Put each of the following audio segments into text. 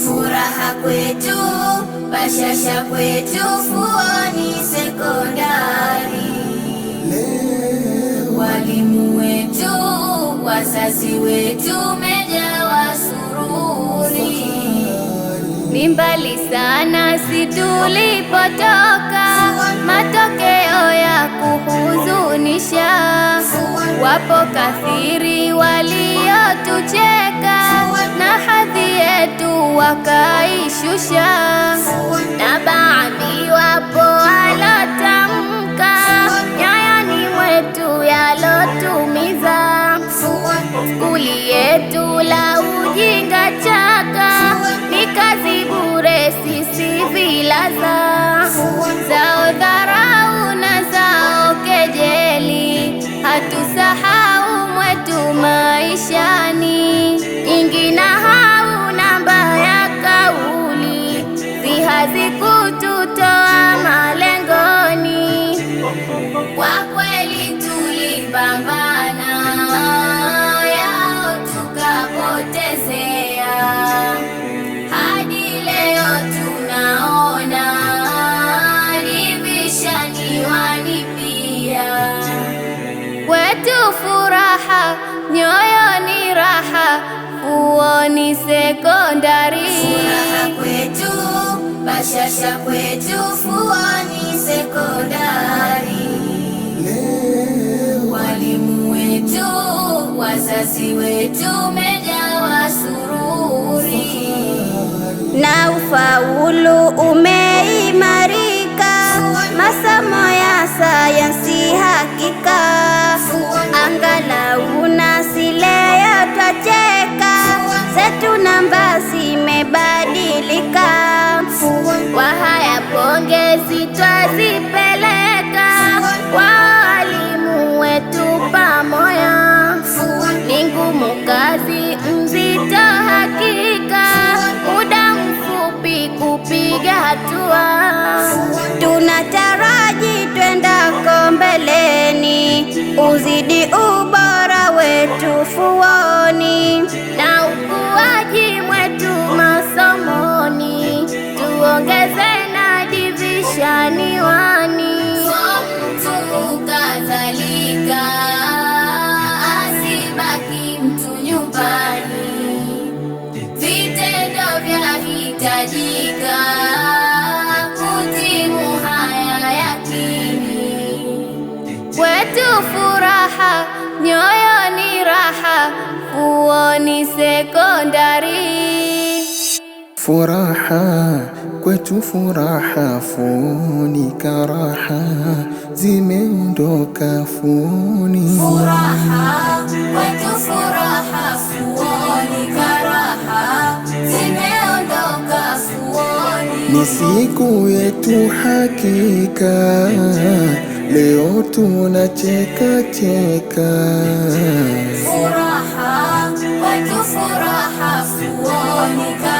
Furaha kwetu, bashasha kwetu, Fuoni Sekondari. Walimu wetu, wazazi wetu, mejawa sururi. Ni mbali sana situlipotoka wapo kathiri waliotucheka na hadhi yetu wakaishusha, na baadhi wapo furaha, nyoyo ni raha, Fuoni Sekondari. Furaha kwetu, bashasha kwetu, Fuoni Sekondari. Walimu wetu, wazazi wetu, mejawa sururi na ufaulu ume sitazipeleka kwa walimu wetu pamoya ni ngumu kazi mzito hakika, muda mfupi kupiga hatua, tunataraji twendako mbeleni uzidi Furaha kwetu furaha, funi karaha zimeondoka funi. Furaha kwetu furaha, funika raha, zimeondoka funi. Ni siku yetu hakika, leo tunacheka cheka. Furaha kwetu furaha, funika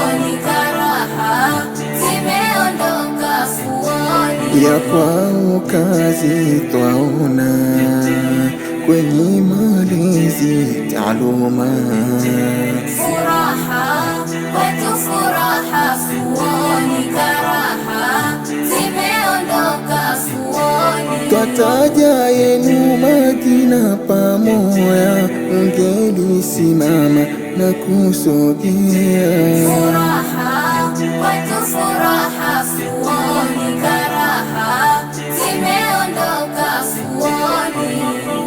ya kwao kazi twaona, kwenye malezi taaluma twataja yenu majina pamoya, mgelisimama na kusogea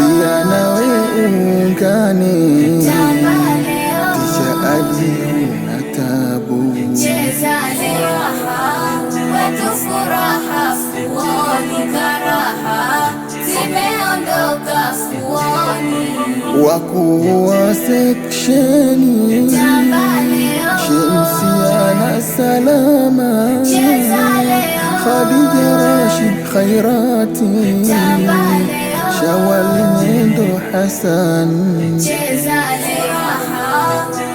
فيا انا وامكاني تجاهلي ونتابو جزالي راحة وتفو راحة fuoni karaha zimeondoka fuoni wakuwa seksheni شمسيانا سلاما خديجة راشد خيراتي shawal mwendo Hasan cheza raha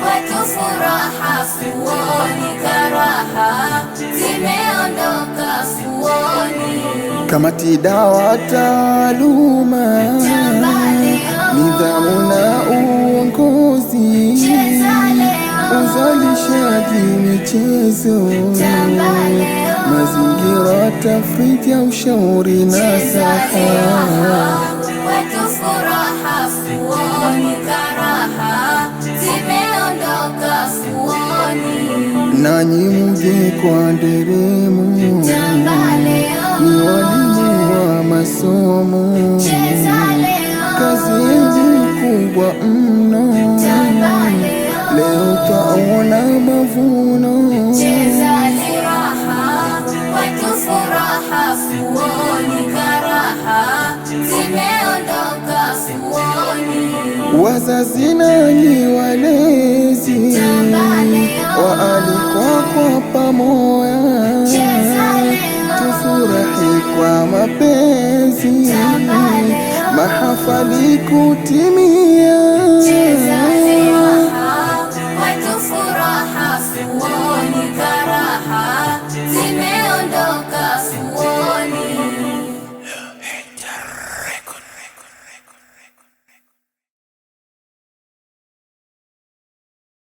watu furaha fuoni karaha zimeondoka fuoni kamati dawa taaluma oh. nidhamu na uongozi uzalishaji michezo oh. mazingira tafiti ya ushauri na saha furaha, fuoni karaha zimeondoka fuoni. Nanyi mje kwa nderemo, ni wa masomo, kazi yenu kubwa mno, leo taona mavuno. Cheza furaha, watu furaha fuoni wazazi nanyi walezi waalikwa kwa pamoya tufurahi kwa mapenzi mahafali kuti